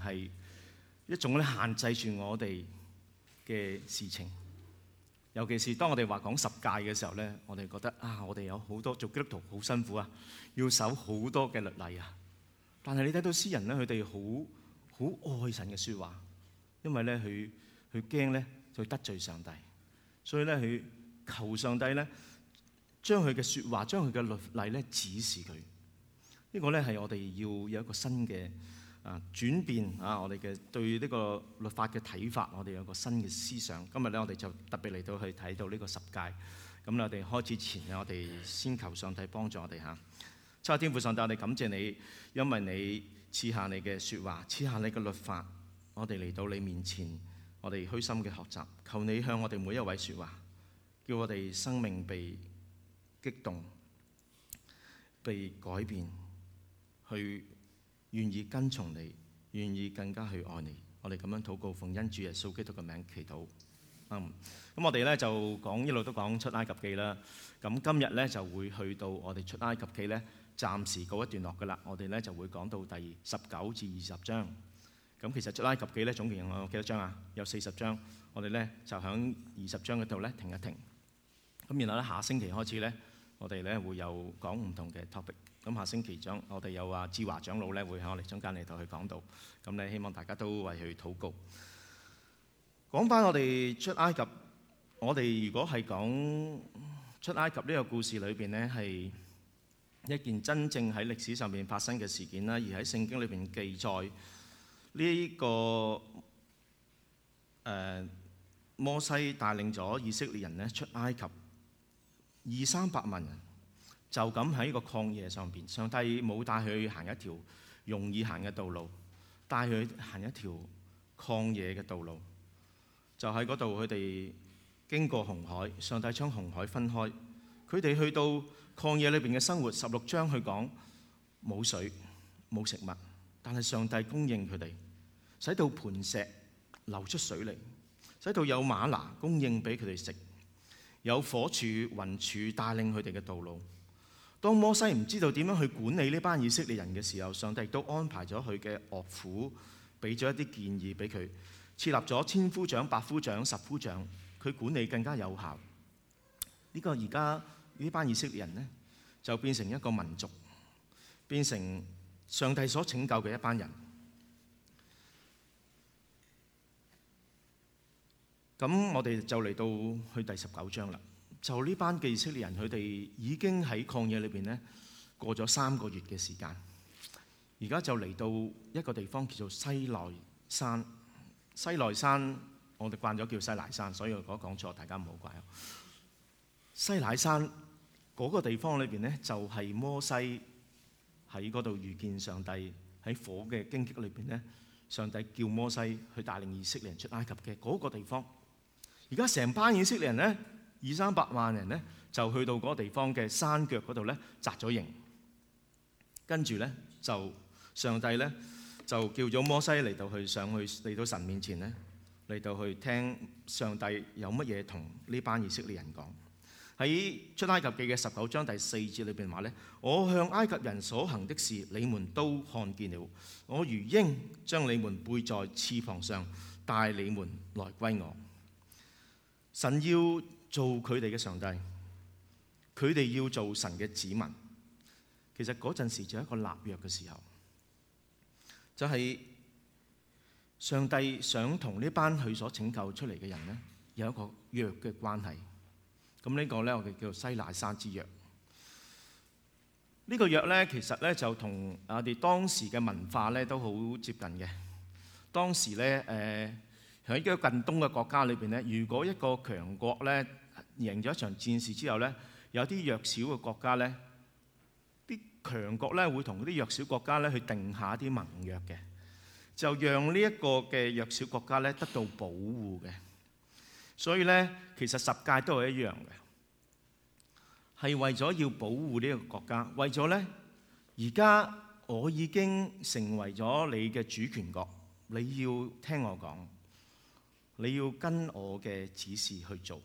係一種咧限制住我哋嘅事情，尤其是當我哋話講十誡嘅時候咧，我哋覺得啊，我哋有好多做基督徒好辛苦啊，要守好多嘅律例啊。但係你睇到詩人咧，佢哋好好愛神嘅說話，因為咧佢佢驚咧去得罪上帝，所以咧佢求上帝咧將佢嘅說話，將佢嘅律例咧指示佢。呢個咧係我哋要有一個新嘅。啊，轉變啊！我哋嘅對呢個律法嘅睇法，我哋有個新嘅思想。今日咧，我哋就特別嚟到去睇到呢個十戒。咁我哋開始前啊，我哋先求上帝幫助我哋嚇。七天父上帝，我哋感謝你，因為你賜下你嘅説話，賜下你嘅律法，我哋嚟到你面前，我哋虛心嘅學習。求你向我哋每一位説話，叫我哋生命被激動、被改變、去。願意跟從你，願意更加去愛你。我哋咁樣禱告，奉恩主耶穌基督嘅名祈禱。嗯，咁我哋咧就講一路都講出埃及記啦。咁今日咧就會去到我哋出埃及記咧，暫時告一段落㗎啦。我哋咧就會講到第十九至二十章。咁其實出埃及記咧總共有幾多章啊？有四十章。我哋咧就響二十章嗰度咧停一停。咁然後咧下星期開始咧，我哋咧會有講唔同嘅 topic。咁下星期長，我哋有阿志華長老咧，會喺我哋中間嚟同佢講道。咁咧，希望大家都為佢禱告。講返我哋出埃及，我哋如果係講出埃及呢個故事裏面咧，係一件真正喺歷史上面發生嘅事件啦，而喺聖經裏面記載呢個誒摩西帶領咗以色列人咧出埃及二三百萬人。就咁喺個曠野上邊，上帝冇帶佢行一條容易行嘅道路，帶佢行一條曠野嘅道路。就喺嗰度，佢哋經過紅海，上帝將紅海分開。佢哋去到曠野裏邊嘅生活，十六章佢講冇水冇食物，但係上帝供應佢哋，使到磐石流出水嚟，使到有馬拿供應俾佢哋食，有火柱雲柱帶領佢哋嘅道路。當摩西唔知道點樣去管理呢班以色列人嘅時候，上帝都安排咗佢嘅岳父，俾咗一啲建議俾佢，設立咗千夫長、百夫長、十夫長，佢管理更加有效。呢個而家呢班以色列人呢，就變成一個民族，變成上帝所拯救嘅一班人。咁我哋就嚟到去第十九章啦。就呢班以色列人，佢哋已經喺曠野裏邊咧，過咗三個月嘅時間。而家就嚟到一個地方，叫做西奈山。西奈山，我哋慣咗叫西乃山，所以我講講錯，大家唔好怪。西乃山嗰、那個地方裏邊咧，就係摩西喺嗰度遇見上帝喺火嘅荊棘裏邊咧，上帝叫摩西去帶領以色列人出埃及嘅嗰個地方。而家成班以色列人咧。二三百萬人呢，就去到嗰地方嘅山腳嗰度呢，紮咗營，跟住呢，就上帝呢，就叫咗摩西嚟到去上去嚟到神面前呢，嚟到去聽上帝有乜嘢同呢班以色列人講。喺出埃及記嘅十九章第四節裏邊話呢，我向埃及人所行的事，你們都看見了，我如鷹將你們背在翅膀上，帶你們來歸我，神要。做佢哋嘅上帝，佢哋要做神嘅子民。其實嗰陣時就一個立約嘅時候，就係上帝想同呢班佢所拯救出嚟嘅人呢，有一個約嘅關係。咁呢個呢我哋叫做西乃山之約。呢個約呢，其實呢就同我哋當時嘅文化呢都好接近嘅。當時呢，誒，喺一個近東嘅國家裏邊呢，如果一個強國呢。贏咗一場戰事之後呢，有啲弱小嘅國家呢，啲強國呢會同啲弱小的國家呢去定下啲盟約嘅，就讓呢一個嘅弱小的國家呢得到保護嘅。所以呢，其實十誡都係一樣嘅，係為咗要保護呢個國家。為咗呢，而家我已經成為咗你嘅主權國，你要聽我講，你要跟我嘅指示去做。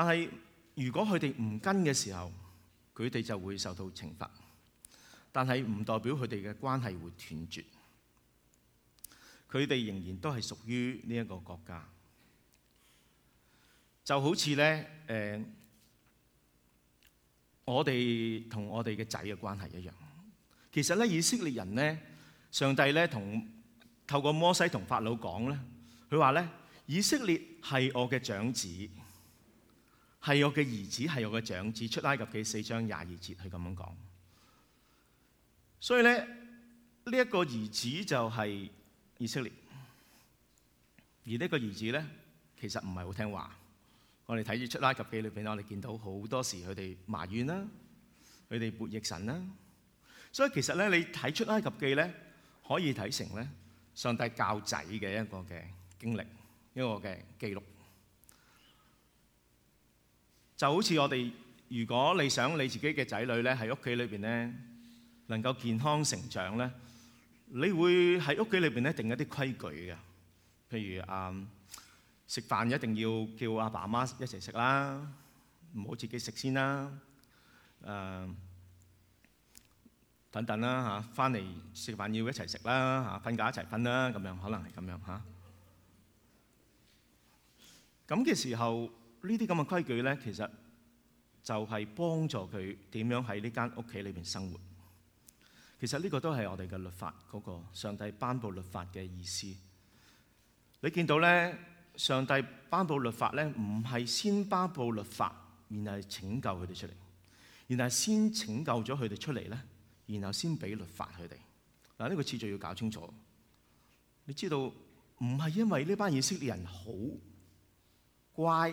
但係，如果佢哋唔跟嘅時候，佢哋就會受到懲罰。但係唔代表佢哋嘅關係會斷絕，佢哋仍然都係屬於呢一個國家。就好似咧，誒、呃，我哋同我哋嘅仔嘅關係一樣。其實咧，以色列人咧，上帝咧，同透過摩西同法老講咧，佢話咧，以色列係我嘅長子。係我嘅兒子，係我嘅長子。出埃及記四章廿二節，佢咁樣講。所以咧，呢、這、一個兒子就係以色列。而這個呢一個兒子咧，其實唔係好聽話。我哋睇住出埃及記裏邊咧，我哋見到好多時佢哋埋怨啦，佢哋叛逆神啦。所以其實咧，你睇出埃及記咧，可以睇成咧，上帝教仔嘅一個嘅經歷，一個嘅記錄。就好似我哋，如果你想你自己嘅仔女咧，喺屋企裏邊咧，能夠健康成長咧，你會喺屋企裏邊咧定一啲規矩嘅，譬如誒，食飯一定要叫阿爸阿媽一齊食啦，唔好自己食先啦，誒等等啦嚇，翻嚟食飯要一齊食啦嚇，瞓覺一齊瞓啦，咁樣可能係咁樣嚇。咁嘅時候。呢啲咁嘅規矩咧，其實就係幫助佢點樣喺呢間屋企裏邊生活。其實呢個都係我哋嘅律法嗰個上帝頒布律法嘅意思。你見到咧，上帝頒布律法咧，唔係先頒布律法，然後拯救佢哋出嚟，然後先拯救咗佢哋出嚟咧，然後先俾律法佢哋。嗱，呢個次序要搞清楚。你知道唔係因為呢班以色列人好乖。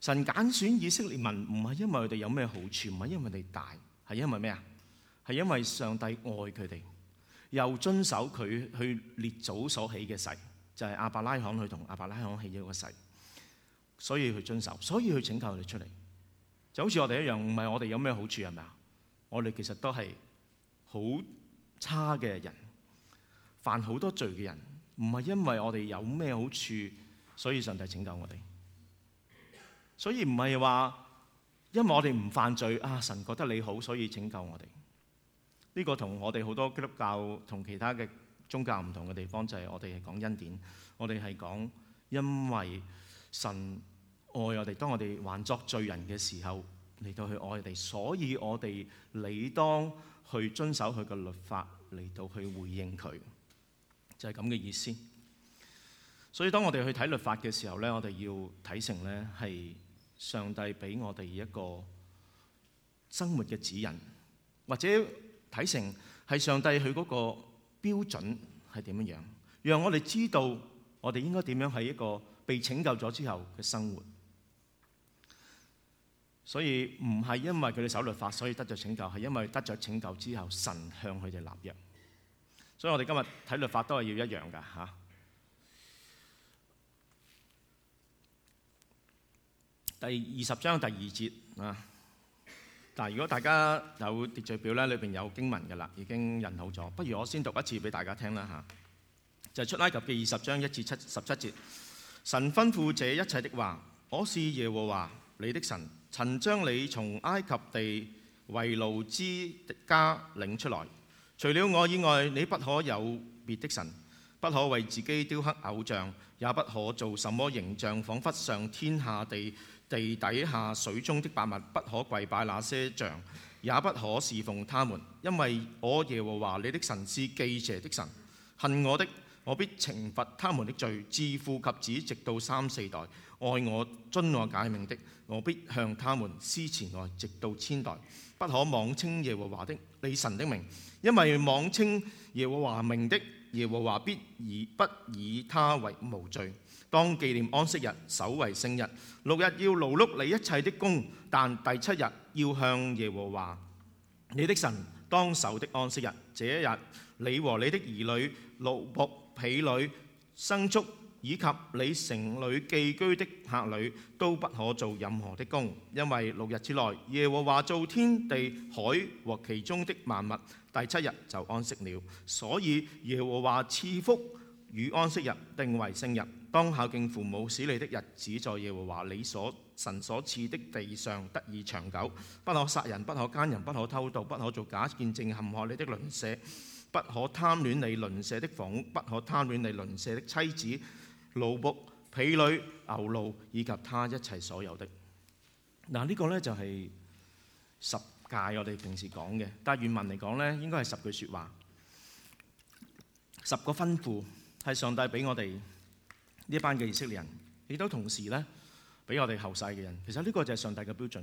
神揀選以色列民唔係因為佢哋有咩好處，唔係因為佢哋大，係因為咩啊？係因為上帝愛佢哋，又遵守佢去列祖所起嘅誓，就係亞伯拉罕去同亞伯拉罕起咗個誓，所以去遵守，所以去拯救佢哋出嚟。就好似我哋一樣，唔係我哋有咩好處係咪啊？我哋其實都係好差嘅人，犯好多罪嘅人，唔係因為我哋有咩好處，所以上帝拯救我哋。所以唔係話，因為我哋唔犯罪，啊神覺得你好，所以拯救我哋。呢個同我哋好多基督教同其他嘅宗教唔同嘅地方就係我哋係講恩典，我哋係講，因為神愛我哋，當我哋還作罪人嘅時候嚟，到去愛我哋，所以我哋理當去遵守佢嘅律法嚟到去回應佢，就係咁嘅意思。所以當我哋去睇律法嘅時候咧，我哋要睇成咧係。上帝俾我哋一個生活嘅指引，或者睇成係上帝佢嗰個標準係點樣，讓我哋知道我哋應該點樣喺一個被拯救咗之後嘅生活。所以唔係因為佢哋守律法所以得著拯救，係因為得著拯救之後，神向佢哋立約。所以我哋今日睇律法都係要一樣噶嚇。第二十章第二節，啊！嗱，如果大家有秩序表呢，裏邊有經文嘅啦，已經印好咗。不如我先讀一次俾大家聽啦吓，就是，出埃及嘅二十章一至十七節，神吩咐這一切的話：我是耶和華你的神，曾將你從埃及地為奴之的家領出來。除了我以外，你不可有別的神，不可為自己雕刻偶像。也不可做什麼形象，彷彿上天下地地底下水中的百物，不可跪拜那些像，也不可侍奉他們，因為我耶和華你的神是忌邪的神。恨我的，我必懲罰他們的罪，自父及子，直到三四代；愛我、尊我、誡命的，我必向他們施慈愛，直到千代。不可妄稱耶和華的你神的名，因為妄稱耶和華名的，耶和華必以不以他為無罪。當紀念安息日，守為聖日。六日要勞碌，你一切的工，但第七日要向耶和華你的神當守的安息日。這一日，你和你的兒女、奴僕、婢女、牲畜以及你城裏寄居的客旅，都不可做任何的工，因為六日之內，耶和華造天地、海和其中的萬物。第七日就安息了，所以耶和華賜福與安息日，定為聖日。當孝敬父母，使你的日子在耶和華你所神所賜的地上得以長久。不可殺人，不可奸人，不可偷盜，不可做假見證陷害你的鄰舍。不可貪戀你鄰舍的房屋，不可貪戀你鄰舍的妻子、奴僕、婢女、牛驢以及他一切所有的。嗱，呢個呢就係十。界我哋平時講嘅，但係原文嚟講咧，應該係十句說話，十個吩咐係上帝俾我哋呢一班嘅以色列人，亦都同時咧俾我哋後世嘅人。其實呢個就係上帝嘅標準，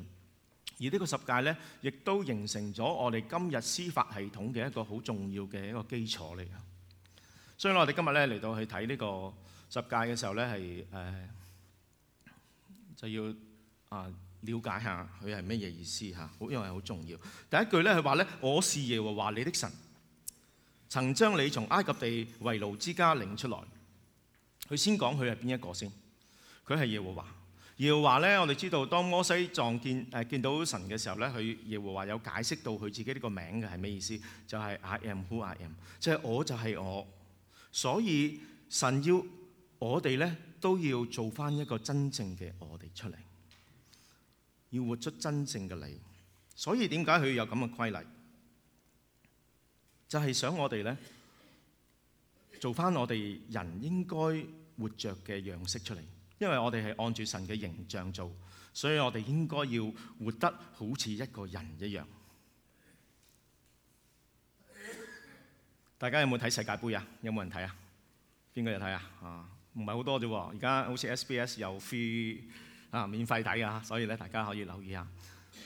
而呢個十誡咧，亦都形成咗我哋今日司法系統嘅一個好重要嘅一個基礎嚟噶。所以我哋今日咧嚟到去睇呢個十誡嘅時候咧，係誒、呃、就要啊。呃了解下佢係咩嘢意思吓，好，因為好重要。第一句咧，佢話咧：我是耶和華你的神，曾將你從埃及地為奴之家領出來，佢先講佢係邊一個先？佢係耶和華，耶和華咧，我哋知道當摩西撞見誒、呃、見到神嘅時候咧，佢耶和華有解釋到佢自己呢個名嘅係咩意思？就係、是、I am who I am，即係我就係我。所以神要我哋咧都要做翻一個真正嘅我哋出嚟。要活出真正嘅你，所以點解佢有咁嘅規例，就係想我哋呢做返我哋人應該活著嘅樣式出嚟，因為我哋係按住神嘅形象做，所以我哋應該要活得好似一個人一樣。大家有冇睇世界盃啊？有冇人睇啊？邊個有睇啊？啊，唔係好多啫，而家好似 SBS 有 free。啊！免費睇㗎，所以咧大家可以留意下。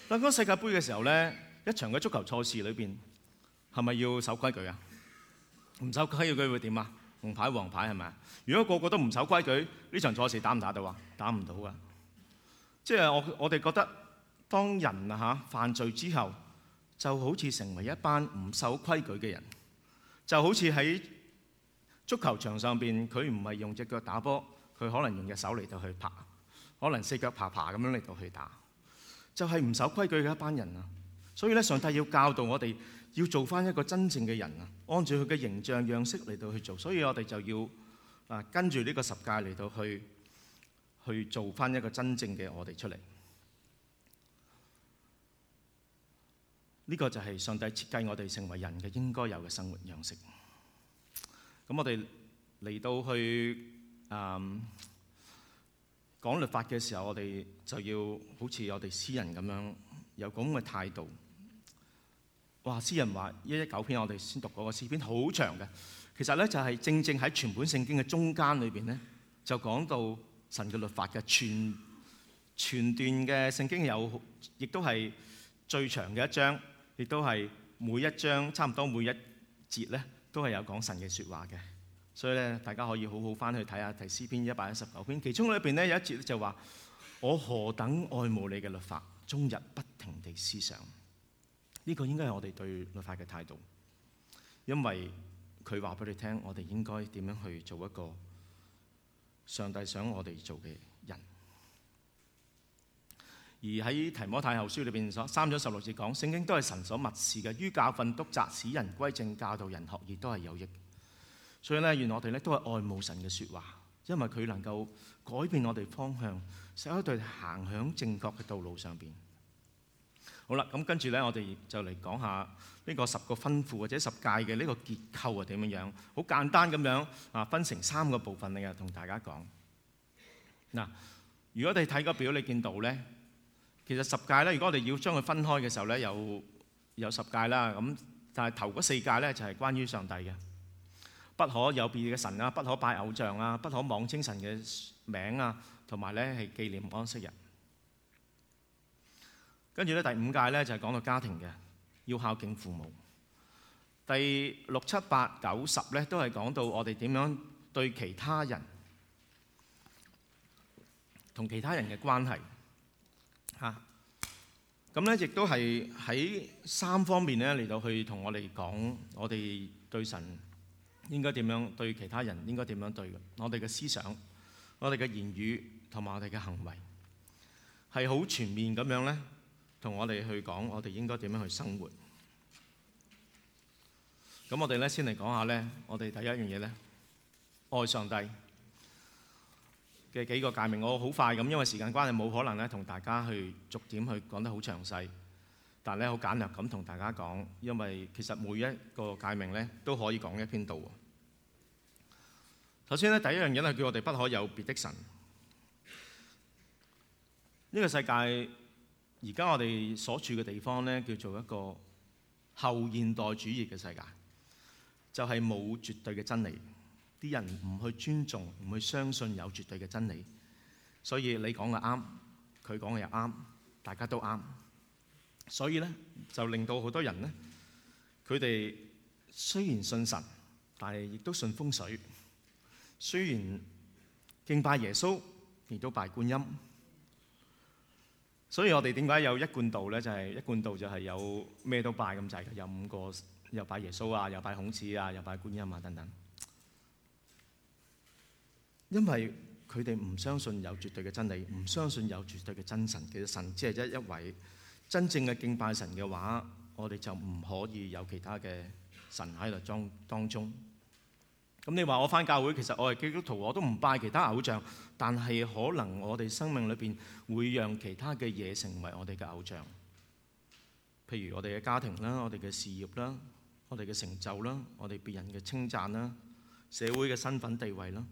當嗰個世界盃嘅時候咧，一場嘅足球賽事裏邊係咪要守規矩啊？唔守規矩會點啊？紅牌黃牌係咪？如果個個都唔守規矩，呢場賽事打唔打到啊？打唔到㗎。即係我我哋覺得，當人啊嚇犯罪之後，就好似成為一班唔守規矩嘅人，就好似喺足球場上邊佢唔係用隻腳打波，佢可能用隻手嚟到去拍。可能四腳爬爬咁樣嚟到去打，就係、是、唔守規矩嘅一班人啊！所以咧，上帝要教導我哋要做返一個真正嘅人啊，按照佢嘅形象樣式嚟到去做，所以我哋就要啊跟住呢個十戒嚟到去去做返一個真正嘅我哋出嚟。呢、這個就係上帝設計我哋成為人嘅應該有嘅生活樣式。咁我哋嚟到去啊。嗯講律法嘅時候，我哋就要好似我哋詩人咁樣有咁嘅態度。話詩人話一一九篇我哋先讀嗰個詩篇，好長嘅。其實咧就係、是、正正喺全本聖經嘅中間裏邊咧，就講到神嘅律法嘅。全全段嘅聖經有，亦都係最長嘅一章，亦都係每一章差唔多每一節咧，都係有講神嘅説話嘅。所以咧，大家可以好好翻去睇下《詩篇》一百一十九篇，其中裏邊呢有一節就話，我何等愛慕你嘅律法，終日不停地思想。呢、這個應該係我哋對律法嘅態度，因為佢話俾你聽，我哋應該點樣去做一個上帝想我哋做嘅人。而喺《提摩太後書》裏邊所三章十六節講，聖經都係神所默示嘅，於教訓、督責、使人歸正、教導人學義亦都係有益。所以咧，原來我哋咧都係愛慕神嘅説話，因為佢能夠改變我哋方向，使到對行響正確嘅道路上邊。好啦，咁跟住咧，我哋就嚟講下呢個十個吩咐或者十戒嘅呢個結構啊點樣樣？好簡單咁樣啊，分成三個部分嚟啊，同大家講。嗱，如果你睇個表，你見到咧，其實十戒咧，如果我哋要將佢分開嘅時候咧，有有十戒啦。咁但係頭嗰四戒咧，就係關於上帝嘅。不可有別嘅神啊！不可拜偶像啊！不可妄稱神嘅名啊！同埋咧係紀念安息日。跟住咧，第五誡咧就係講到家庭嘅，要孝敬父母。第六、七、八、九、十咧都係講到我哋點樣對其他人同其他人嘅關係嚇。咁咧亦都係喺三方面咧嚟到去同我哋講，我哋對神。應該點樣對其他人？應該點樣對嘅？我哋嘅思想，我哋嘅言語同埋我哋嘅行為，係好全面咁樣咧，同我哋去講，我哋應該點樣去生活？咁我哋咧，先嚟講下咧，我哋第一樣嘢咧，愛上帝嘅幾個誡命。我好快咁，因為時間關係，冇可能咧同大家去逐點去講得好詳細，但係咧好簡略咁同大家講，因為其實每一個誡命咧都可以講一篇道。首先咧，第一樣嘢係叫我哋不可有別的神。呢個世界而家我哋所處嘅地方咧，叫做一個後現代主義嘅世界，就係冇絕對嘅真理。啲人唔去尊重，唔去相信有絕對嘅真理，所以你講嘅啱，佢講嘅又啱，大家都啱。所以咧，就令到好多人咧，佢哋雖然信神，但係亦都信風水。雖然敬拜耶穌亦都拜觀音，所以我哋點解有一貫道咧？就係、是、一貫道就係有咩都拜咁滯，有五個，又拜耶穌啊，又拜孔子啊，又拜觀音啊等等。因為佢哋唔相信有絕對嘅真理，唔相信有絕對嘅真神。其實神即係一一位。真正嘅敬拜神嘅話，我哋就唔可以有其他嘅神喺度當當中。咁你話我返教會，其實我係基督徒，我都唔拜其他偶像，但係可能我哋生命裏邊會讓其他嘅嘢成為我哋嘅偶像，譬如我哋嘅家庭啦、我哋嘅事業啦、我哋嘅成就啦、我哋別人嘅稱讚啦、社會嘅身份地位啦，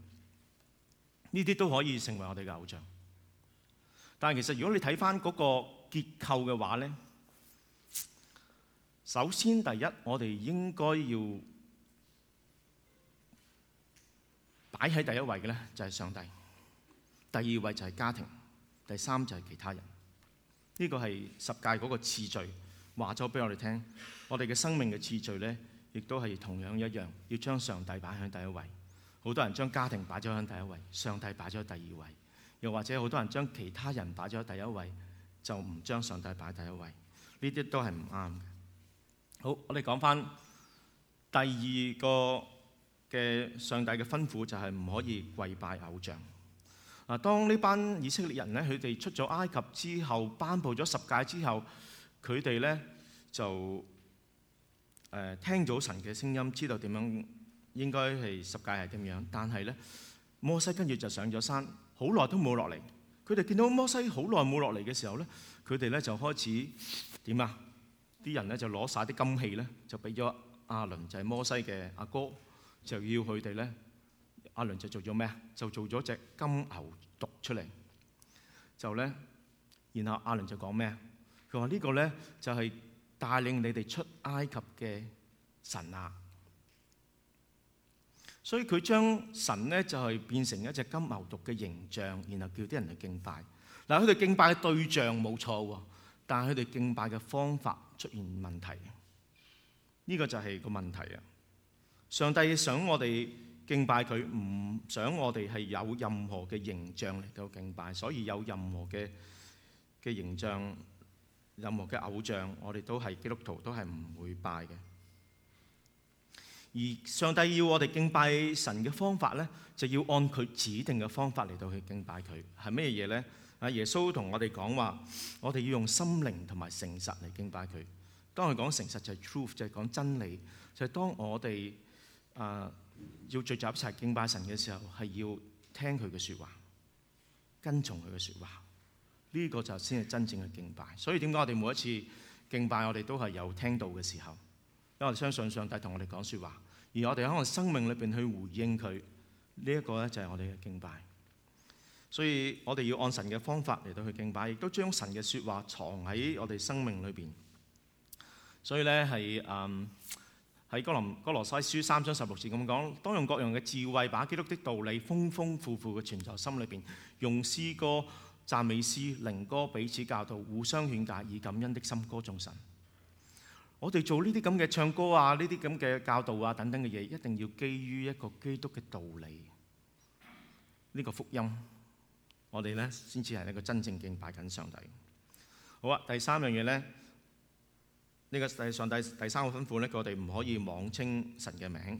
呢啲都可以成為我哋嘅偶像。但係其實如果你睇返嗰個結構嘅話咧，首先第一，我哋應該要。擺喺第一位嘅呢，就係上帝，第二位就係家庭，第三就係其他人。呢個係十戒嗰個次序話咗俾我哋聽，我哋嘅生命嘅次序呢，亦都係同樣一樣，要將上帝擺喺第一位。好多人將家庭擺咗喺第一位，上帝擺咗第二位；又或者好多人將其他人擺咗第一位，就唔將上帝擺第一位。呢啲都係唔啱嘅。好，我哋講翻第二個。嘅上帝嘅吩咐就係唔可以跪拜偶像。嗱，當呢班以色列人咧，佢哋出咗埃及之後，頒布咗十戒之後，佢哋咧就誒聽咗神嘅聲音，知道點樣應該係十戒係點樣。但係咧，摩西跟住就上咗山，好耐都冇落嚟。佢哋見到摩西好耐冇落嚟嘅時候咧，佢哋咧就開始點啊？啲人咧就攞晒啲金器咧，就俾咗亞倫，就係摩西嘅阿哥。就要佢哋咧，阿倫就做咗咩啊？就做咗隻金牛犢出嚟，就咧，然後阿倫就講咩啊？佢話呢個咧就係帶領你哋出埃及嘅神啊！所以佢將神咧就係變成一隻金牛犢嘅形象，然後叫啲人嚟敬拜。嗱，佢哋敬拜嘅對象冇錯喎，但係佢哋敬拜嘅方法出現問題，呢個就係個問題啊！上帝想我哋敬拜佢，唔想我哋係有任何嘅形象嚟到敬拜，所以有任何嘅嘅形象、任何嘅偶像，我哋都係基督徒都係唔會拜嘅。而上帝要我哋敬拜神嘅方法呢，就要按佢指定嘅方法嚟到去敬拜佢，係咩嘢呢？啊，耶穌同我哋講話，我哋要用心靈同埋誠實嚟敬拜佢。當佢講誠實就係 truth，就係講真理，就係當我哋。啊！要聚集一齊敬拜神嘅時候，係要聽佢嘅說話，跟從佢嘅說話，呢個就先係真正嘅敬拜。所以點解我哋每一次敬拜，我哋都係有聽到嘅時候，因為我哋相信上帝同我哋講說話，而我哋喺我哋生命裏邊去回應佢，呢一個咧就係我哋嘅敬拜。所以我哋要按神嘅方法嚟到去敬拜，亦都將神嘅說話藏喺我哋生命裏邊。所以咧係嗯。喺哥林哥羅西書三章十六節咁講，當用各樣嘅智慧把基督的道理豐豐富富嘅存在心裏邊，用詩歌、讚美詩、靈歌彼此教導、互相勸戒，以感恩的心歌頌神。我哋做呢啲咁嘅唱歌啊、呢啲咁嘅教導啊等等嘅嘢，一定要基於一個基督嘅道理，呢、呢個福音，我哋呢先至係一個真正的敬拜緊上帝。好啊，第三樣嘢呢。呢個第上帝第三個吩咐咧，叫我哋唔可以妄稱神嘅名。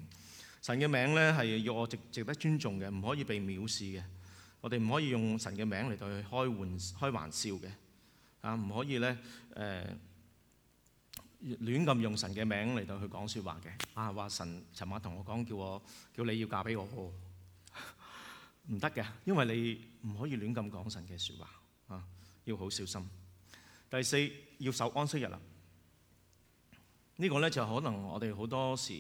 神嘅名咧係要我值值得尊重嘅，唔可以被藐視嘅。我哋唔可以用神嘅名嚟到去開玩開玩笑嘅啊，唔可以咧誒亂亂咁用神嘅名嚟到去講説話嘅啊。話神尋晚同我講，叫我叫你要嫁俾我，唔得嘅，因為你唔可以亂咁講神嘅説話啊，要好小心。第四，要守安息日啦。呢個呢，就可能我哋好多時，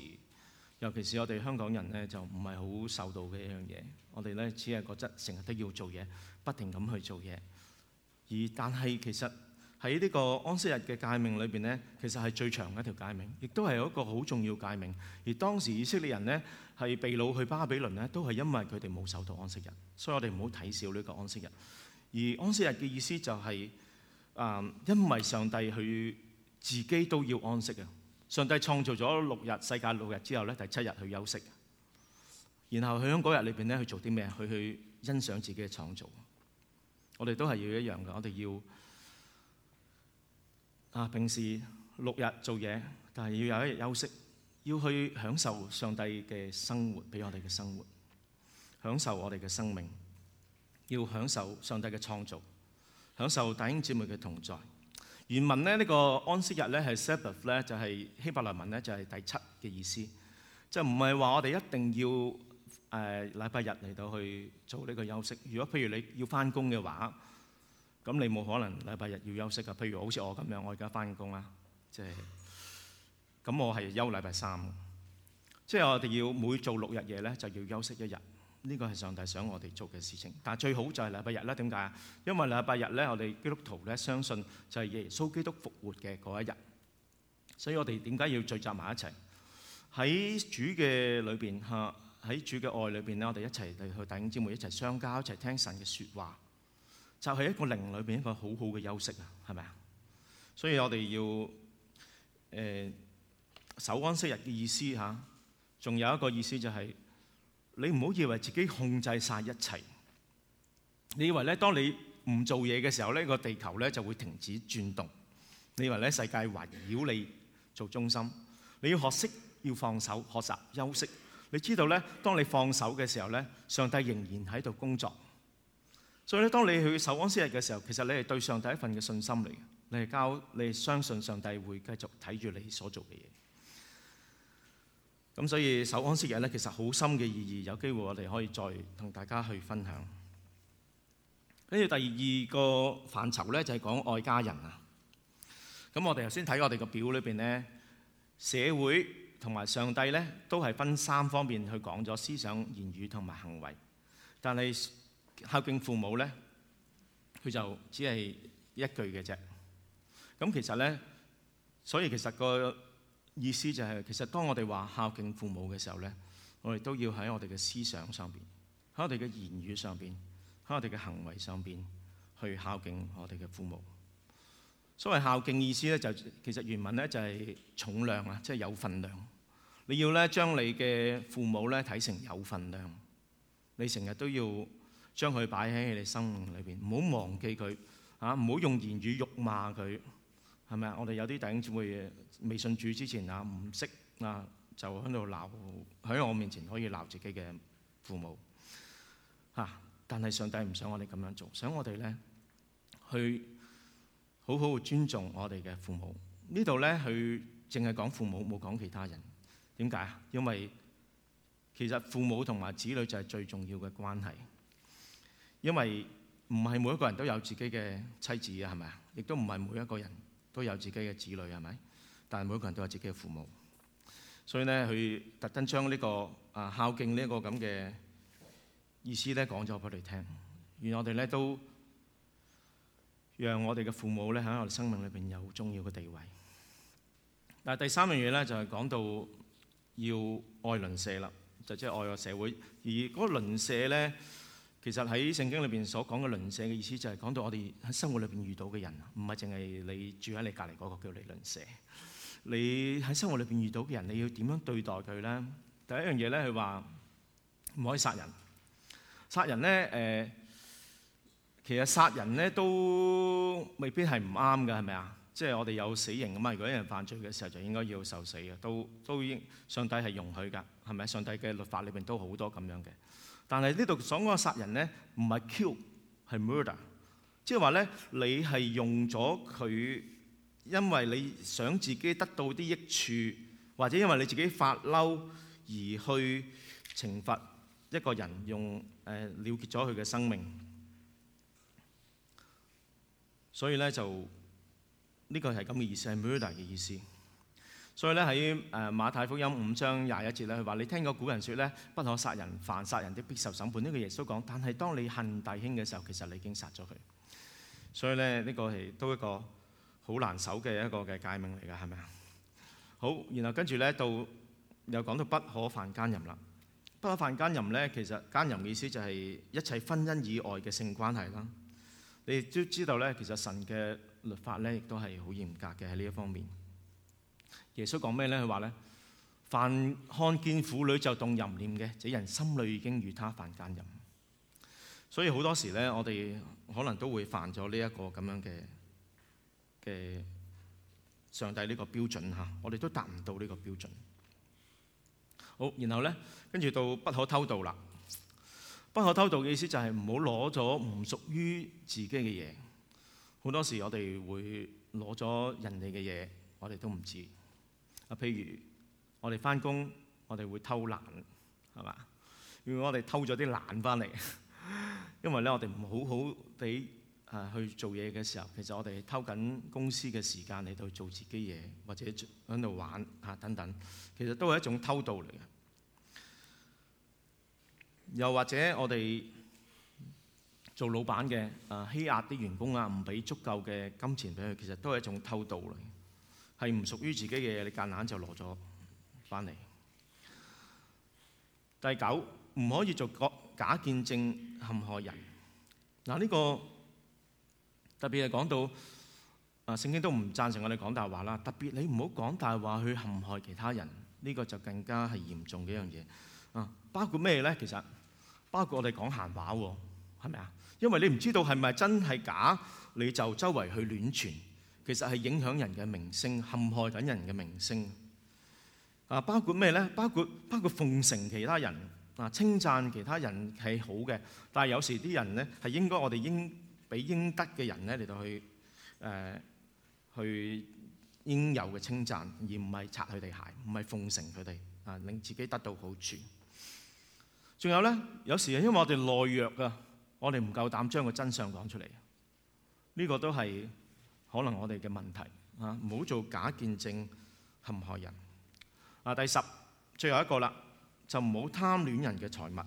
尤其是我哋香港人呢，就唔係好受到嘅一樣嘢。我哋呢，只係覺得成日都要做嘢，不停咁去做嘢。而但係其實喺呢個安息日嘅誡命裏邊呢，其實係最長嘅一條誡命，亦都係一個好重要誡命。而當時以色列人呢，係被擄去巴比倫呢，都係因為佢哋冇守到安息日，所以我哋唔好睇小呢個安息日。而安息日嘅意思就係、是、啊、呃，因為上帝佢自己都要安息嘅。上帝創造咗六日，世界六日之後咧，第七日去休息。然後佢喺嗰日裏邊咧去做啲咩？佢去欣賞自己嘅創造。我哋都係要一樣嘅，我哋要啊平時六日做嘢，但係要有一日休息，要去享受上帝嘅生活俾我哋嘅生活，享受我哋嘅生命，要享受上帝嘅創造，享受弟兄姊妹嘅同在。原文咧，呢個安息日咧，係 Sabbath 咧，就係希伯來文咧，就係第七嘅意思，即係唔係話我哋一定要誒禮拜日嚟到去做呢個休息。如果譬如你要返工嘅話，咁你冇可能禮拜日要休息噶。譬如好似我咁樣，我而家返工啦，即係咁我係休禮拜三，即係我哋要每做六日嘢咧，就要休息一日。呢個係上帝想我哋做嘅事情，但係最好就係禮拜日啦。點解啊？因為禮拜日咧，我哋基督徒咧相信就係耶穌基督復活嘅嗰一日，所以我哋點解要聚集埋一齊？喺主嘅裏邊嚇，喺主嘅愛裏邊咧，我哋一齊嚟去弟兄姊妹一齊相交，一齊聽神嘅説話，就係一個靈裏邊一個好好嘅休息啊，係咪啊？所以我哋要誒守安息日嘅意思嚇，仲有一個意思就係。你唔好以為自己控制曬一切，你以為咧，當你唔做嘢嘅時候咧，個地球咧就會停止轉動。你以為咧，世界圍繞你做中心。你要學識要放手，學習休息。你知道咧，當你放手嘅時候咧，上帝仍然喺度工作。所以咧，當你去守安息日嘅時候，其實你係對上帝一份嘅信心嚟嘅。你係交，你相信上帝會繼續睇住你所做嘅嘢。咁所以守安息日咧，其實好深嘅意義，有機會我哋可以再同大家去分享。跟住第二個範疇咧，就係講愛家人啊。咁我哋頭先睇我哋個表裏邊咧，社會同埋上帝咧，都係分三方面去講咗思想、言語同埋行為。但係孝敬父母咧，佢就只係一句嘅啫。咁其實咧，所以其實個意思就係，其實當我哋話孝敬父母嘅時候呢，我哋都要喺我哋嘅思想上邊，喺我哋嘅言語上邊，喺我哋嘅行為上邊，去孝敬我哋嘅父母。所謂孝敬意思呢，就其實原文呢，就係重量啊，即係有份量。你要呢，將你嘅父母呢睇成有份量，你成日都要將佢擺喺你生命裏邊，唔好忘記佢啊，唔好用言語辱罵佢。係咪啊？我哋有啲弟兄姊妹未信主之前啊，唔識啊，就喺度鬧，喺我面前可以鬧自己嘅父母嚇。但係上帝唔想我哋咁樣做，想我哋咧去好好尊重我哋嘅父母。呢度咧，佢淨係講父母，冇講其他人。點解啊？因為其實父母同埋子女就係最重要嘅關係，因為唔係每一個人都有自己嘅妻子啊，係咪啊？亦都唔係每一個人。都有自己嘅子女，係咪？但係每個人都有自己嘅父母，所以咧佢特登將呢個啊孝敬，呢個咁嘅意思咧講咗俾你聽，願我哋咧都讓我哋嘅父母咧喺我哋生命裏邊有重要嘅地位。嗱，第三樣嘢咧就係講到要愛鄰舍啦，就即係愛個社會，而嗰個鄰舍咧。其實喺聖經裏邊所講嘅鄰舍嘅意思，就係講到我哋喺生活裏邊遇到嘅人，唔係淨係你住喺你隔離嗰個叫你鄰舍。你喺生活裏邊遇到嘅人，你要點樣對待佢咧？第一樣嘢咧，佢話唔可以殺人。殺人咧，誒、呃，其實殺人咧都未必係唔啱㗎，係咪啊？即係我哋有死刑噶嘛？如果有人犯罪嘅時候，就應該要受死嘅，都都應上帝係容許嘅，係咪啊？上帝嘅律法裏邊都好多咁樣嘅。但係呢度所講嘅殺人呢，唔係 kill，係 murder，即係話呢，你係用咗佢，因為你想自己得到啲益處，或者因為你自己發嬲而去懲罰一個人，用誒了結咗佢嘅生命，所以呢就呢個係咁嘅意思，係 murder 嘅意思。所以咧喺誒馬太福音五章廿一節咧，佢話：你聽過古人說咧，不可殺人，凡殺人的必受審判。呢個耶穌講。但係當你恨弟兄嘅時候，其實你已經殺咗佢。所以咧，呢個係都一個好難守嘅一個嘅誡命嚟㗎，係咪啊？好，然後跟住咧到又講到不可犯奸淫啦。不可犯奸淫咧，其實奸淫嘅意思就係一切婚姻以外嘅性關係啦。你都知道咧，其實神嘅律法咧亦都係好嚴格嘅喺呢一方面。耶穌講咩咧？佢話咧，凡看見婦女就動淫念嘅，這人心裏已經與他犯奸淫。所以好多時咧，我哋可能都會犯咗呢一個咁樣嘅嘅上帝呢個標準吓，我哋都達唔到呢個標準。好，然後咧，跟住到不可偷盜啦。不可偷盜嘅意思就係唔好攞咗唔屬於自己嘅嘢。好多時我哋會攞咗人哋嘅嘢，我哋都唔知。啊，譬如我哋翻工，我哋會偷懶，係嘛？如果我哋偷咗啲懶翻嚟，因為咧我哋唔好好地啊去做嘢嘅時候，其實我哋偷緊公司嘅時間嚟到做自己嘢，或者喺度玩吓等等，其實都係一種偷盜嚟嘅。又或者我哋做老闆嘅啊，欺壓啲員工啊，唔俾足夠嘅金錢俾佢，其實都係一種偷盜嚟。係唔屬於自己嘅嘢，你夾硬就攞咗翻嚟。第九，唔可以做假見證陷害人。嗱，呢個特別係講到啊，聖經都唔贊成我哋講大話啦。特別你唔好講大話去陷害其他人，呢個就更加係嚴重嘅一樣嘢啊。包括咩咧？其實包括我哋講閒話喎，係咪啊？因為你唔知道係咪真係假，你就周圍去亂傳。其實係影響人嘅名聲，陷害緊人嘅名聲啊！包括咩咧？包括包括奉承其他人啊，稱讚其他人係好嘅，但係有時啲人咧係應該我哋應俾應得嘅人咧嚟到去誒去應有嘅稱讚，而唔係擦佢哋鞋，唔係奉承佢哋啊，令自己得到好處。仲有咧，有時因為我哋懦弱啊，我哋唔夠膽將個真相講出嚟，呢個都係。可能我哋嘅問題啊，唔好做假見證陷害人啊。第十最後一個啦，就唔好貪戀人嘅財物。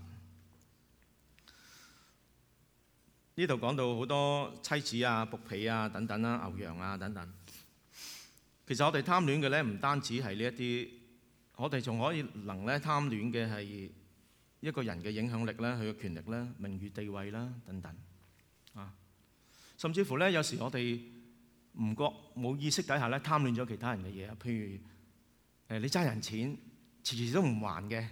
呢度講到好多妻子啊、僕婢啊等等啦、牛羊啊等等。其實我哋貪戀嘅呢，唔單止係呢一啲，我哋仲可以能咧貪戀嘅係一個人嘅影響力啦、佢嘅權力啦、名譽地位啦等等啊。甚至乎呢，有時我哋。唔覺冇意識底下咧貪戀咗其他人嘅嘢，譬如誒你揸人錢，遲遲都唔還嘅，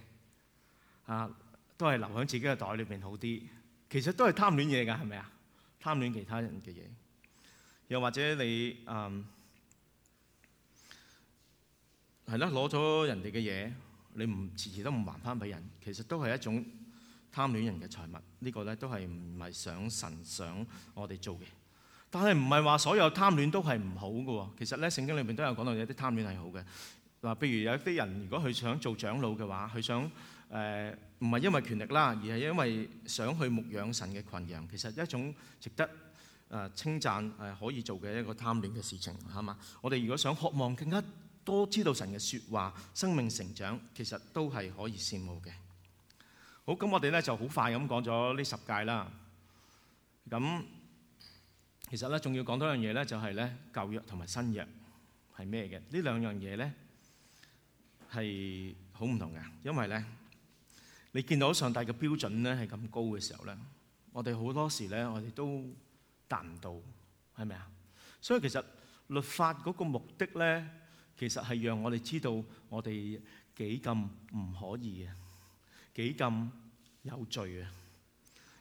啊都係留喺自己嘅袋裏邊好啲。其實都係貪戀嘢㗎，係咪啊？貪戀其他人嘅嘢，又或者你誒係啦，攞、嗯、咗人哋嘅嘢，你唔遲遲都唔還翻俾人，其實都係一種貪戀人嘅財物。這個、呢個咧都係唔係想神想我哋做嘅？但係唔係話所有貪戀都係唔好嘅，其實咧聖經裏面都有講到有啲貪戀係好嘅嗱。譬如有一啲人，如果佢想做長老嘅話，佢想誒唔係因為權力啦，而係因為想去牧養神嘅群羊，其實一種值得誒稱讚誒可以做嘅一個貪戀嘅事情係嘛。我哋如果想渴望更加多知道神嘅說話，生命成長，其實都係可以羨慕嘅。好，咁我哋咧就好快咁講咗呢十誡啦，咁。其實咧，仲要講多樣嘢咧，就係咧舊約同埋新約係咩嘅？呢兩樣嘢咧係好唔同嘅，因為咧你見到上帝嘅標準咧係咁高嘅時候咧，我哋好多時咧，我哋都達唔到，係咪啊？所以其實律法嗰個目的咧，其實係讓我哋知道我哋幾咁唔可以嘅、幾咁有罪嘅，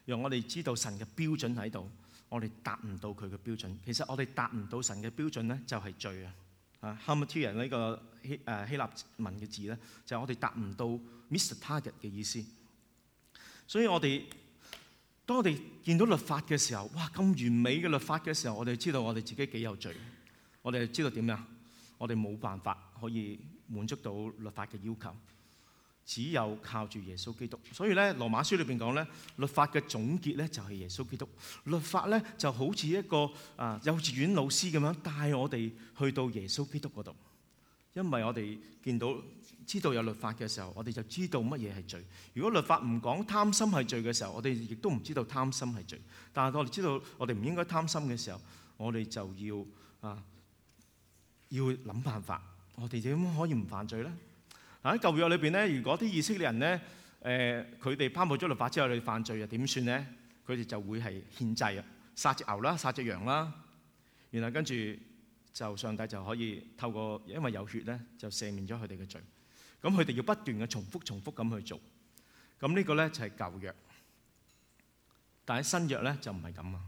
讓我哋知道神嘅標準喺度。我哋達唔到佢嘅標準，其實我哋達唔到神嘅標準咧、啊呃，就係罪啊！啊，hamartia 呢個希誒希臘文嘅字咧，就係我哋達唔到 missed target 嘅意思。所以我哋當我哋見到律法嘅時候，哇咁完美嘅律法嘅時候，我哋知道我哋自己幾有罪。我哋知道點呀？我哋冇辦法可以滿足到律法嘅要求。只有靠住耶穌基督，所以咧，《羅馬書》裏邊講咧，律法嘅總結咧就係耶穌基督。律法咧就好似一個啊幼稚園老師咁樣帶我哋去到耶穌基督嗰度，因為我哋見到知道有律法嘅時候，我哋就知道乜嘢係罪。如果律法唔講貪心係罪嘅時候，我哋亦都唔知道貪心係罪。但係我哋知道我哋唔應該貪心嘅時候，我哋就要啊要諗辦法。我哋點可以唔犯罪咧？喺舊約裏邊咧，如果啲以色列人咧，誒佢哋拋棄咗律法之後，佢哋犯罪啊點算咧？佢哋就會係獻祭啊，殺隻牛啦，殺隻羊啦，然後跟住就上帝就可以透過，因為有血咧，就赦免咗佢哋嘅罪。咁佢哋要不斷嘅重複、重複咁去做。咁呢個咧就係舊約。但係新約咧就唔係咁啊。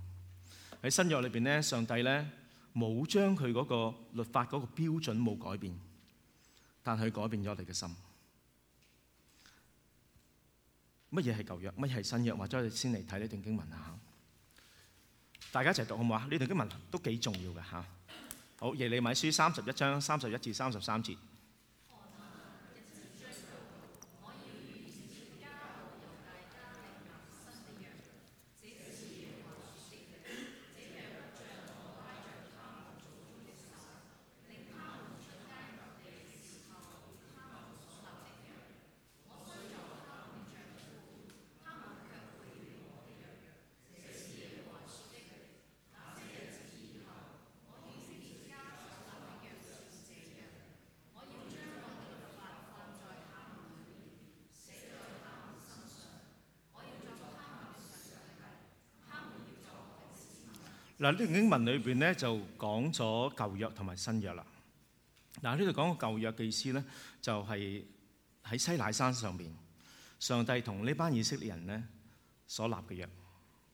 喺新約裏邊咧，上帝咧冇將佢嗰個律法嗰個標準冇改變。但佢改變咗你嘅心。乜嘢係舊約？乜嘢係新約？或者我哋先嚟睇呢段經文啊！大家一齊讀好唔好啊？呢段經文都幾重要㗎嚇。好，耶利米書三十一章三十一至三十三節。嗱，呢啲經文裏面咧就講咗舊約同埋新約啦。嗱，呢度講個舊約意思咧，就係喺西乃山上面上帝同呢班以色列人咧所立嘅約，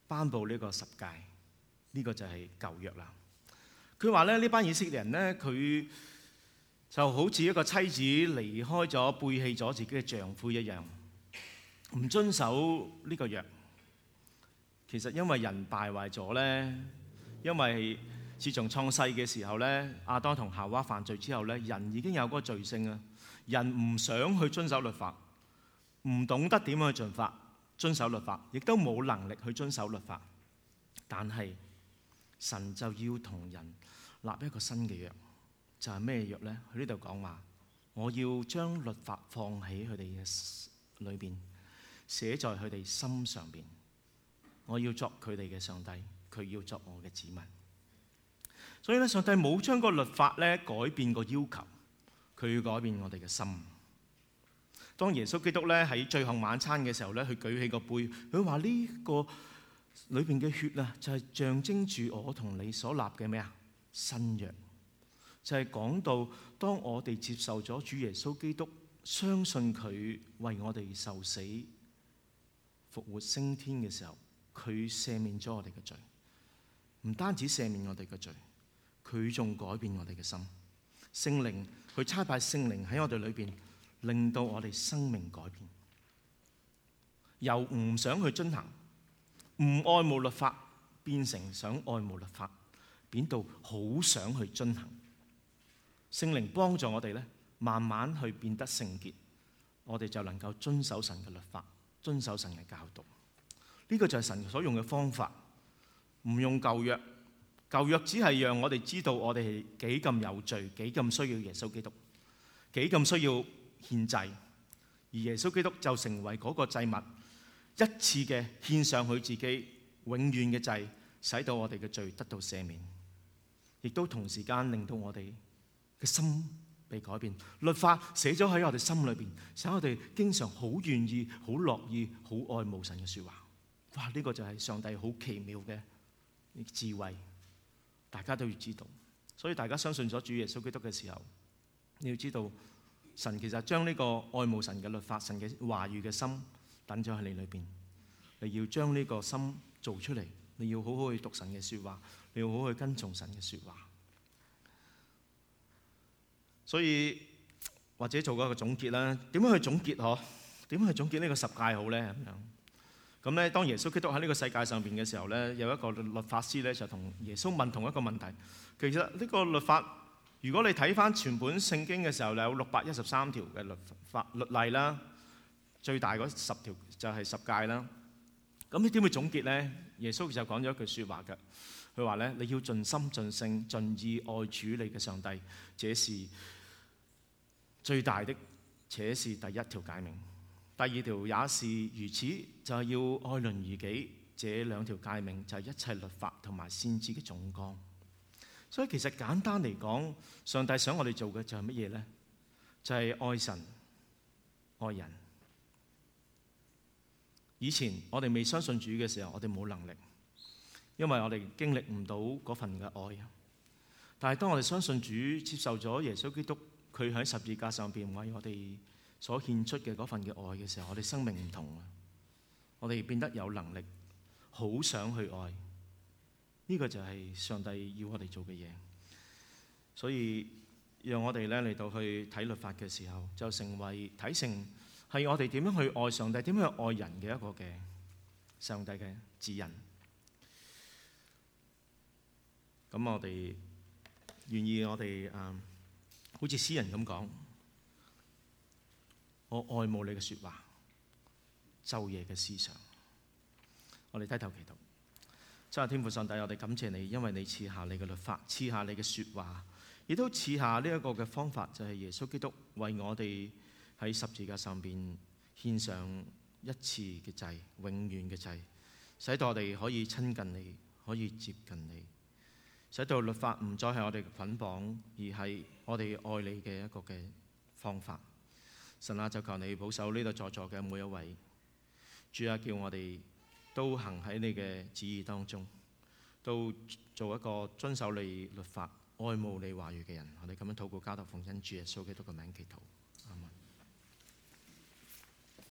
頒布呢個十戒，呢個就係舊約啦。佢話咧，呢班以色列人咧，佢就好似一個妻子離開咗、背棄咗自己嘅丈夫一樣，唔遵守呢個約。其實因為人敗壞咗咧。因為自從創世嘅時候咧，亞當同夏娃犯罪之後咧，人已經有嗰個罪性啊，人唔想去遵守律法，唔懂得點樣去盡法遵守律法，亦都冇能力去遵守律法。但係神就要同人立一個新嘅約，就係咩約咧？喺呢度講話，我要將律法放喺佢哋嘅裏邊，寫在佢哋心上邊。我要作佢哋嘅上帝。佢要作我嘅子民，所以咧，上帝冇將個律法咧改變個要求，佢要改變我哋嘅心。當耶穌基督咧喺最後晚餐嘅時候咧，佢舉起個杯，佢話呢個裏邊嘅血啊，就係象徵住我同你所立嘅咩啊新約，就係講到當我哋接受咗主耶穌基督，相信佢為我哋受死復活升天嘅時候，佢赦免咗我哋嘅罪。唔單止赦免我哋嘅罪，佢仲改變我哋嘅心。聖靈，去差派聖靈喺我哋裏邊，令到我哋生命改變，由唔想去遵行，唔愛慕律法，變成想愛慕律法，變到好想去遵行。聖靈幫助我哋咧，慢慢去變得聖潔，我哋就能夠遵守神嘅律法，遵守神嘅教導。呢個就係神所用嘅方法。唔用舊約，舊約只係讓我哋知道我哋幾咁有罪，幾咁需要耶穌基督，幾咁需要獻祭，而耶穌基督就成為嗰個祭物，一次嘅獻上佢自己，永遠嘅祭，使到我哋嘅罪得到赦免，亦都同時間令到我哋嘅心被改變，律法寫咗喺我哋心裏邊，使我哋經常好願意、好樂意、好愛慕神嘅說話。哇！呢個就係上帝好奇妙嘅。智慧，大家都要知道。所以大家相信咗主耶穌基督嘅時候，你要知道神其實將呢個愛慕神嘅律法、神嘅話語嘅心等咗喺你裏邊。你要將呢個心做出嚟，你要好好去讀神嘅說話，你要好好去跟從神嘅說話。所以或者做個一個總結啦，點樣去總結嗬？點樣去總結呢個十誡好咧？咁樣。咁咧，當耶穌基督喺呢個世界上邊嘅時候咧，有一個律法師咧就同耶穌問同一個問題。其實呢個律法，如果你睇返全本聖經嘅時候，有六百一十三條嘅律法律例啦，最大嗰十條就係十戒啦。咁你點會總結咧？耶穌其實講咗一句説話嘅，佢話咧：你要盡心盡性盡意愛主你嘅上帝，這是最大的，且是第一條誡命。第二條也是如此，就係要愛鄰如己。這兩條誡命就係一切律法同埋先知嘅總綱。所以其實簡單嚟講，上帝想我哋做嘅就係乜嘢呢？就係、是、愛神、愛人。以前我哋未相信主嘅時候，我哋冇能力，因為我哋經歷唔到嗰份嘅愛。但係當我哋相信主，接受咗耶穌基督，佢喺十字架上面為我哋，所獻出嘅嗰份嘅愛嘅時候，我哋生命唔同啊！我哋變得有能力，好想去愛。呢個就係上帝要我哋做嘅嘢。所以讓我哋咧嚟到去睇律法嘅時候，就成為睇成係我哋點樣去愛上帝、點樣去愛人嘅一個嘅上帝嘅指引。咁我哋願意我哋誒，好似詩人咁講。我愛慕你嘅說話，晝夜嘅思想。我哋低頭祈禱，親愛嘅天父上帝，我哋感謝你，因為你賜下你嘅律法，賜下你嘅說話，亦都賜下呢一個嘅方法，就係耶穌基督為我哋喺十字架上邊獻上一次嘅祭，永遠嘅祭，使到我哋可以親近你，可以接近你，使到律法唔再係我哋嘅捆綁，而係我哋愛你嘅一個嘅方法。神啊，就求你保守呢度在座嘅每一位。主啊，叫我哋都行喺你嘅旨意當中，都做一個遵守你律法、愛慕你話語嘅人。我哋咁樣禱告，加頭奉親主耶穌基督嘅名祈禱。